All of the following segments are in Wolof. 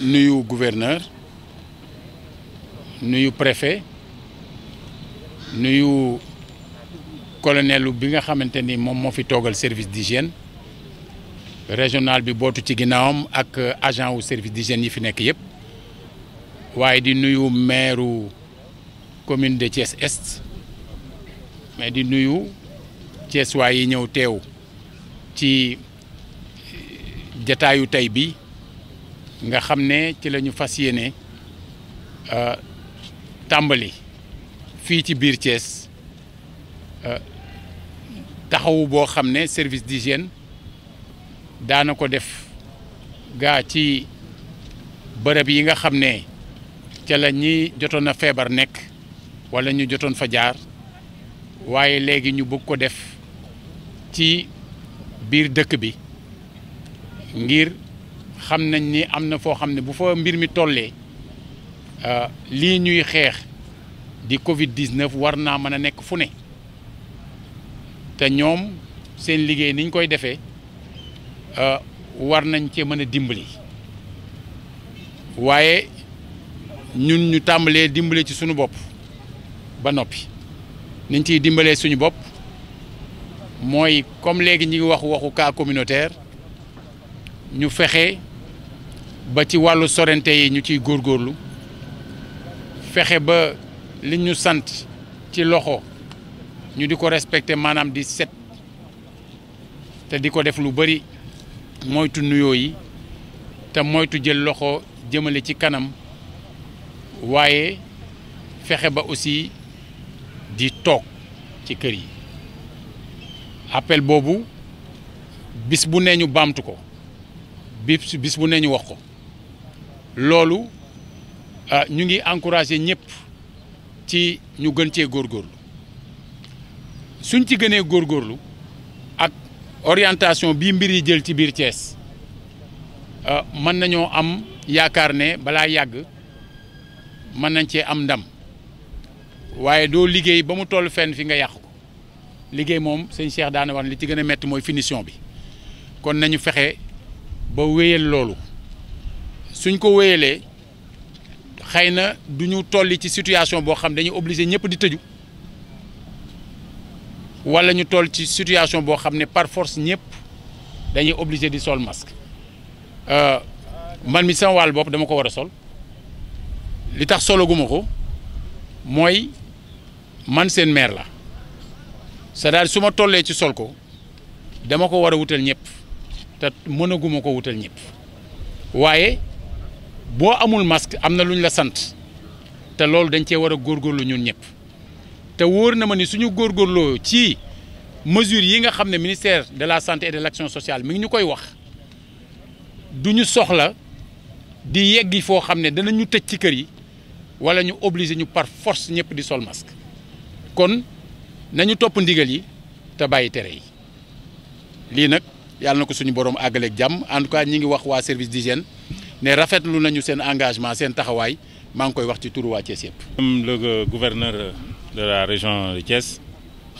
nuyu gouverneur nuyu préfet nuyu colonelu bi nga xamante ni moom moo fi toogal service d'hygiène régional bi bootu ci ginnaawam ak euh, agent wu service d'hygiène yi fi nekk yëpp waaye di nuyu maire commune de Thiès Est mais di nuyu Thiès waay yi ñëw teew ci euh, jataayu tey bi nga xam ne ci lañu fas yéene euh, tàmbali fii ci biir Thiès euh, taxawu boo xam ne service di d'hygiène daana ko def gaa ci bërëb yi nga xam ne ca la ñi jotoon a feebar nekk walla ñu jotoon fa jaar waaye léegi ñu bëgg ko def ci biir dëkk bi ngir xam nañ ni am na foo xam ne bu fa mbir mi tollee euh, lii ñuy xeex di Covid 19 war naa mën a nekk fu ne te ñoom seen liggéey niñ koy defee euh, war nañ cee mën a dimbali waaye ñun ñu tàmbalee dimbali ci suñu bopp ba noppi niñ ciy dimbalee suñu bopp mooy comme léegi ñu ngi wax waxu cas communautaire ñu fexe ba ci wàllu sorente yi ñu ciy góorgóorlu fexe ba li ñu sant ci loxo ñu di ko respecté maanaam di set te di ko def lu bëri moytu nuyoo yi te moytu jël loxo jëmale ci kanam waaye fexe ba aussi di toog ci kër yi appel boobu bis bu nee ñu baamtu ko bis bis bu nee ñu wax ko loolu ah, ñu ngi encouragé ñëpp ci ñu gën cee góorgóorlu suñ ci gënee góor góorlu ak orientation bi mbir yi jël ci biir cees ah, mën nañoo am yaakaar ne balaa yàgg mën nañ cee am ndam waaye doo liggéey ba mu toll fenn fi nga yàq ko liggéey moom sëñ Cheikh daana wax ne li ci gën a métti mooy finition bi kon nañu fexe ba wéyal loolu suñ ko wéyalee xëy na du ñu tolli ci situation boo xam ne dañuy obligé ñëpp di tëju wala ñu toll ci situation boo xam ne par force ñëpp dañuy obligé di sol masque euh, man mi sama wàll bopp dama ko war a sol li tax solo guma ko mooy man seen maire la cest à su ma tollee ci sol ko dama ko war a wutal ñëpp te mënaguma ko wutal ñëpp waaye boo amul masque am na lu ñu la sant te loolu dañ cee war a góorgóorlu ñun ñëpp te wóor na ma ni suñu góorgóorloo ci mesures yi nga xam ne ministère de la santé et de l'action sociale mi ngi ñu koy wax duñu soxla di yeggi foo xam ne ñu tëj ci kër yi wala ñu obligé ñu par force ñëpp di sol masque kon nañu topp ndigal yi te bàyyi tere yi lii nag yàlla na ko suñu borom àggaleeg jàmm en tout cas ñi ngi wax waa service d'hygiène ne rafetlu nañu seen engagement seen taxawaay maa ngi koy wax ci turu waa Thiès yëpp. le gouverneur de la région de Thiès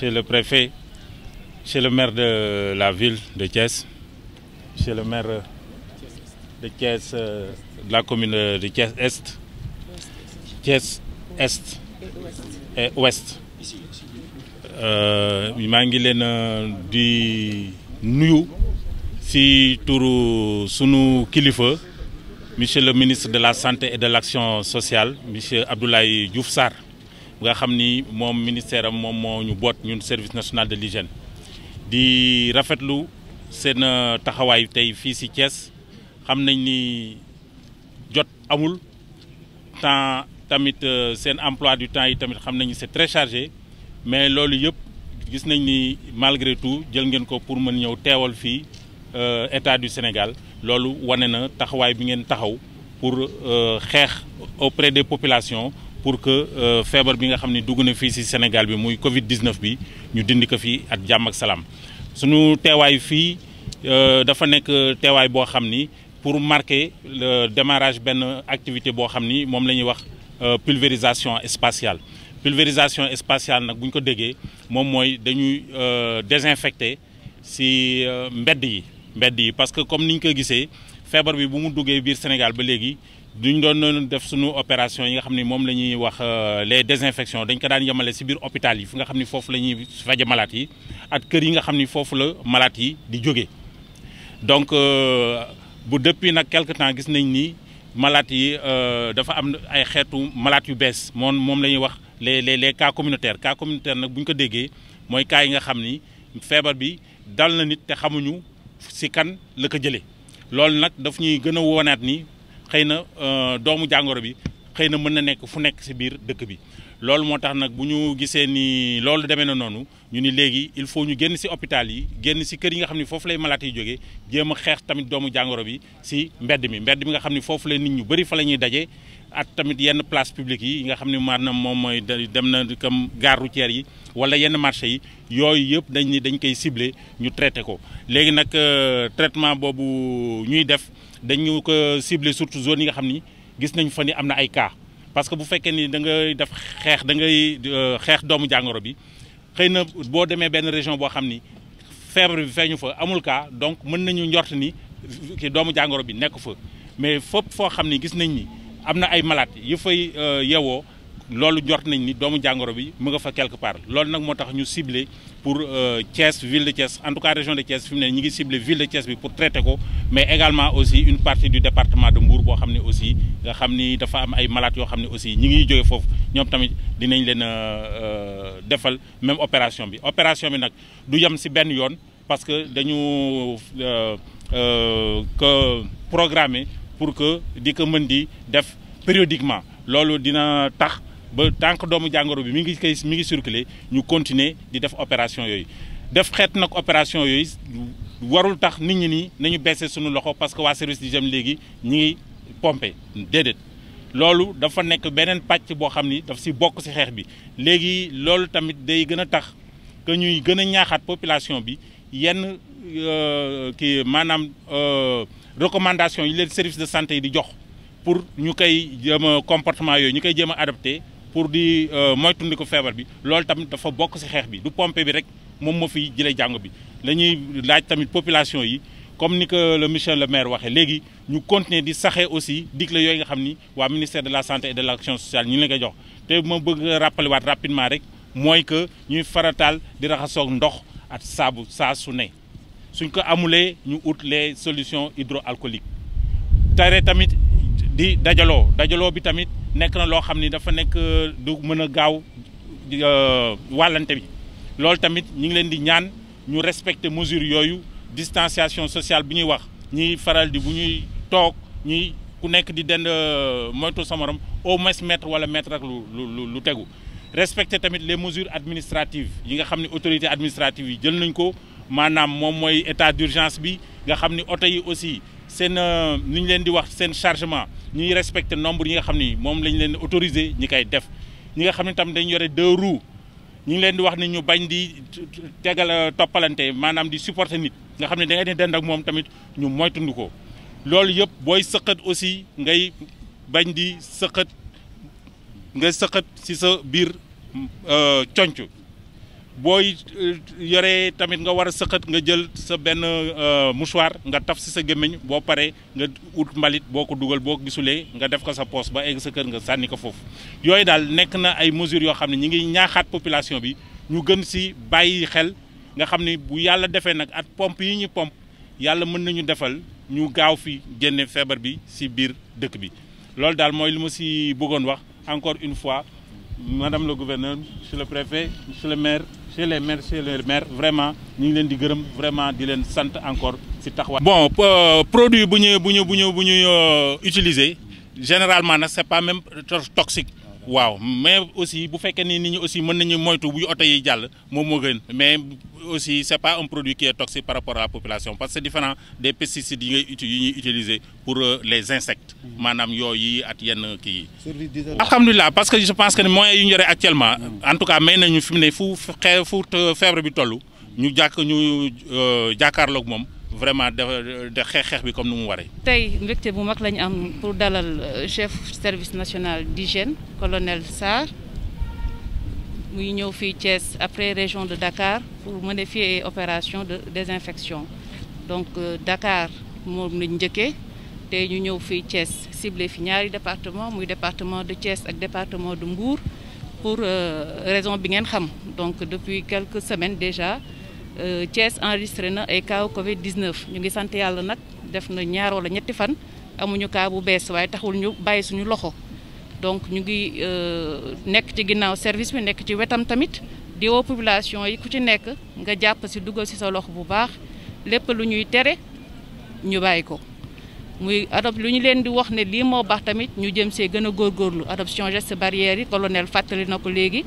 chez le préfet chez le maire de la ville de Thiès chez le maire de Thiès euh, de la commune de Thiès Est Thiès Est et Ouest euh, maa ngi leen euh, di nuyu ci turu sunu kilifa. monsieur le ministre de la santé et de l'action sociale monsieur Abdoulaye Diouf Sarr nga xam ni moom ministère am moom moo ñu boot ñun service national de l'hygiène di rafetlu seen euh, taxawaay tey fii ci Thiès xam nañ ni jot amul temps tamit euh, seen emploi du temps yi tamit xam nañu c'est très chargé mais loolu yëpp gis nañ ni malgré tout jël ngeen ko pour mën ñëw teewal fii Euh, état du Sénégal loolu wane na taxawaay bi ngeen taxaw pour euh, xeex au auprès des population pour que euh, feebar bi nga xam ne dugg na fii ci Sénégal bi muy Covid 19 bi ñu dindi ko fii ak jàmm ak salaam suñu teewaay fii dafa nekk teewaay boo xam ni pour marquer le démarrage benn activité boo xam ni moom la ñuy wax pulvérisation spatiale. pulvérisation spatiale nag buñ ko déggee moom mooy dañuy désinfecter ci mbedd yi. mbedd yi parce que comme ni ñu ko gisee feebar bi bu mu duggee biir Sénégal ba léegi du ñu doon def suñu opération yi nga xam ne moom la ñuy wax euh, les désinfections dañ ko daan yemale si biir hôpital yi fi nga xam ne foofu la ñuy faje malade yi ak kër yi nga xam ni foofu la malade yi di jóge donc euh, bu depuis nag quelque temps gis nañ ni malade yi euh, dafa am ay xeetu malade yu bees moom moom la ñuy wax les les les cas communautaires cas communautaire nag bu ñu ko déggee mooy kaa yi nga xam ni feebar bi dal na nit te xamuñu si kan la ko jëlee loolu nag dafa ñuy gën a woonaat ni xëy na euh, doomu jàngoro bi xëy na mën na nekk fu nekk si biir dëkk bi loolu moo tax nag bu ñu gisee ni loolu demee na noonu ñu ni léegi il faut ñu génn si hôpital yi génn si kër yi nga xam ne foofu lay malaat yi jógee jéem a xeex tamit doomu jàngoro bi si mbedd mi mbedd mi nga xam ne foofu la nit ñu bëri fa la ñuy daje ak tamit yenn place publique yi nga xam ne maanaam moom mooy dem na comme gare routière yi wala yenn marché yi yooyu yëpp dañ ni dañ koy ciblé ñu traité ko léegi nag euh, traitement boobu ñuy def dañu ko ciblé surtout zone yi nga xam ni gis nañ fa ni am na ay kaa parce que bu fekkee ni da ngay def xeex da ngay euh, xeex doomu jàngoro bi xëy na boo demee benn région boo xam ni feebar bi feeñu fa amul cas donc mën nañu njort ni doomu jàngoro bi nekk fa mais fépp foo xam ni gis nañ ni am na ay malaat yu fay euh, yewoo loolu njort nañ ni doomu jàngoro bi mu nga fa quelque part loolu nag moo tax ñu cible pour euh, Thiès ville de Thiès en tout cas région de Thiès fi mu ne ñu ngi ciblé ville de Thiès bi pour traiter ko mais également aussi une partie du département de Mbour boo xam ne aussi nga xam ni dafa am ay malades yoo xam ne aussi ñi ngi jóge foofu ñoom tamit dinañ leen a euh, defal même opération bi opération bi nag du yem ci benn yoon parce que dañu que pour que di ko mën di def périodiquement loolu dina tax ba tànk doomu jàngoro bi mi ngi koy mi ngi circuler ñu continuer di def opération yooyu def xeet nag opération yooyu warul tax nit ñi nii nañu baissé suñu loxo parce que waa service d'hygiène léegi ñi ngi pomper déedéet loolu dafa nekk beneen pàcc boo xam ni daf si bokk si xeex bi léegi loolu tamit day gën a tax que ñuy gën a ñaaxaat population bi yenn Euh, kii maanaam euh, recommandation yi leen service de santé yi di jox pour ñu koy jéem a comportement yooyu ñu koy jéem a adapté pour di euh, moytundiku feebar bi loolu tamit dafa bokk ci xeex bi du pompe bi rek moom moo fi jëlee jàngo bi la ñuy laaj tamit population yi comme ni ko le monsieur le maire waxee léegi ñu continuer di saxee aussi digle yooyu nga xam ni waa ministère de la santé et de l'action sociale ñu ngi leen koy jox te ma bëgg rappeler waat rapidement rek mooy que ñuy farataal di raxasoog ndox ak saabu saa su ne suñ ko amulee ñu ut les solutions hydroalcooliques tare tamit di dajaloo dajaloo bi tamit nekk na loo xam ni dafa nekk du mën a gaaw euh, wàllante bi loolu tamit ñu ngi leen di ñaan ñu respecter mesures yooyu distanciation sociale bi ñuy wax ñuy faral di bu ñuy toog ñuy ku nekk di dend euh, moytu sa morom au moins mètre wala mètre ak lu lu lu tegu respecter tamit les mesures administratives yi nga xam ne autorités administratives yi jël nañ ko maanaam moom mooy état d'urgence bi nga xam ni oto yi aussi seen euh, ni ñu leen di wax seen chargement ñuy respecter nombre yi nga xam ni moom lañ leen autorisé ñi koy def ñi nga xam ne tamit dañ yore deux roues ñu ngi leen di wax ni ñu bañ di tegal euh, toppalante maanaam di supporter nit nga xam ne da ngay ne dend ak moom tamit ñu moytundu ko loolu yëpp booy sëqat aussi ngay bañ di sëqat nga sëqat ci sa biir euh, conc booy euh, yoree tamit nga war a sëqat nga jël sa benn euh, mouchoir nga taf si sa gémmiñ boo paree nga ut mbalit boo ko dugal boo gisulee nga def ko sa poos ba egg sa kër nga sànni ko foofu yooyu daal nekk na ay mesures yoo xam ne ñi ngi ñaaxaat population bi ñu gën si bàyyi xel nga xam ne bu yàlla defee nag at pompe yi ñu pompe yàlla mën nañu defal ñu gaaw fi génne feebar bi si biir dëkk bi loolu daal mooy li ma si bëggoon wax encore une fois madame le gouverneur monsieur le préfet monsieur le maire monsieur les maires monsieur le maire vraiment ñu ngi leen di gërëm vraiment di leen sant encore si taxawaay. bon produit bu ñu bu ñu bu ñu bu ñu euh, utiliser généralement nag c'est pas même toxique. waaw mais aussi bu fekkee ni ni ñi aussi mën nañu moytu bu oto yi jàll moom moo gën mais aussi c'est pas un produit qui est toxique par rapport à la population parce que c'est différent des pesticides yi ngay uti yi ñuy utiliser pour euh, les insectes maanaam yooyu ak yenn kii yi alhamdulilah parce que je pense que moyens yu ñu yore actuellement en tout cas may nañu fi ne fu xee fu euh, feebar bi toll ñu jàkk ñu euh, jàkkaarloog moom vraiment de de xeex xeex bi comme nu mu waree. tey mbégte bu mag lañu am pour dalal euh, chef service national d'hygiène colonel Sarr muy ñëw fii Thiès après région de Dakar pour modifier opération de désinfection donc euh, Dakar moom lañ njëkkee tey ñu ñëw fii Thiès ciblé fi ñaari département muy département de Thiès ak département de Mbour pour euh, raison bi ngeen xam donc depuis quelques semaines déjà. Euh, Thiès enregistré na ay cas Covid 19 ñu ngi sant yàlla nag def na ñaar wala ñetti fan amuñu cas bu bees waaye taxul ñu bàyyi suñu loxo donc ñu ngi euh, nekk ci ginnaaw service bi nekk ci wetam tamit di woo population yi ku ci nekk nga jàpp si dugal si sa loxo bu baax lépp lu ñuy tere ñu bàyyi ko. muy adop lu ñu leen di wax ne lii moo baax tamit ñu jëm see gën a góorgóorlu adoption geste barrière yi colonel fàttali na ko léegi.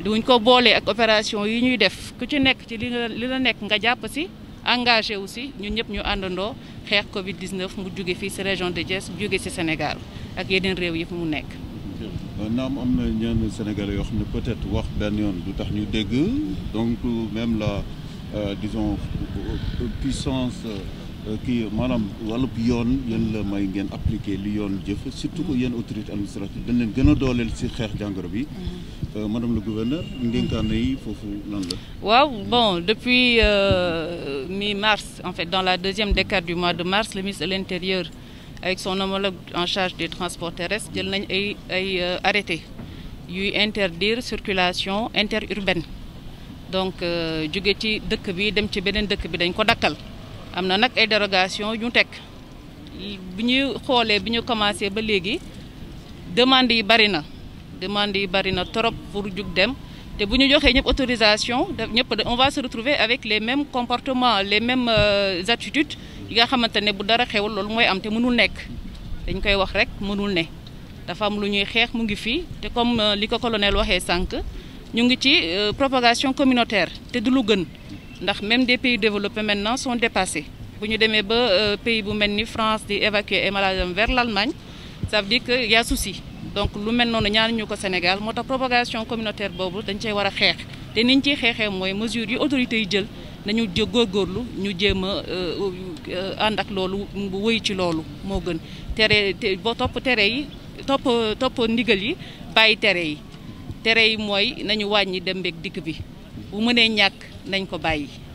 diwuñ ko boolee ak opération yi ñuy def ku ci nekk ci li la li la nekk nga jàpp si engagé wu si ñun ñëpp ñu àndandoo xeex Covid 19 mu jóge fii si région de Thiès jóge si Sénégal ak yeneen réew yi mu nekk. naam am na ñenn Sénégalais yoo xam ne peut-être wax benn yoon du tax ñu dégg donc même la euh, disons euh, puissance. Euh, Euh, kii maanaam wàllub yoon yéen la may ngeen appliquer li yoon jëf surtout que yéen autorité administrative dañ leen gën a dooleel si xeex jàngoro bi mhm. euh, madame le gouverneur ndénkaane yi foofu lan la waaw bon depuis euh, mi mars en fait dans la deuxième décade du mois de mars le ministre de l'intérieur avec son homologue en charge des transports terrestres jël nañu ay ay euh, arrêté yuy interdire circulation interurbaine donc jóge ci dëkk bi dem ci beneen dëkk bi dañ ko dakkal am na nag ay dérogation ñu teg bi ñuy xoolee bi ñu commencé ba léegi demande yi bari na demande yi bari na trop pour jug dem te bu ñu joxee ñëpp autorisation ñëpp on va se retrouver avec les mêmes comportements les mêmes euh, attitudes yi nga xamante ne bu dara xewul loolu mooy am te mënul nekk dañ koy wax rek mënul ne dafa am lu ñuy xeex mu ngi fii te comme euh, li ko colonel waxee sànq ñu ngi ci euh, propagation communautaire te du lu gën ndax même des pays développés maintenant sont dépassés bu ñu demee ba euh, pays bu mel ni France di évacuer ay malades vers l'Allemagne ça dire que y a souci donc lu mel noonu ñaanuñu ko Sénégal moo tax propagation communautaire boobu dañ cee war a xeex te niñ ciy xeexee mooy mesures yi autorités yi jël nañu jë góorlu ñu jéem a euh, ànd ak loolu wëy ci loolu moo gën tere boo topp tere yi topp toppoo ndigal yi bàyyi tere yi tere yi mooy nañu wàññi dem beeg dikk bi bu mënee ñàkk. nañ ko bàyyi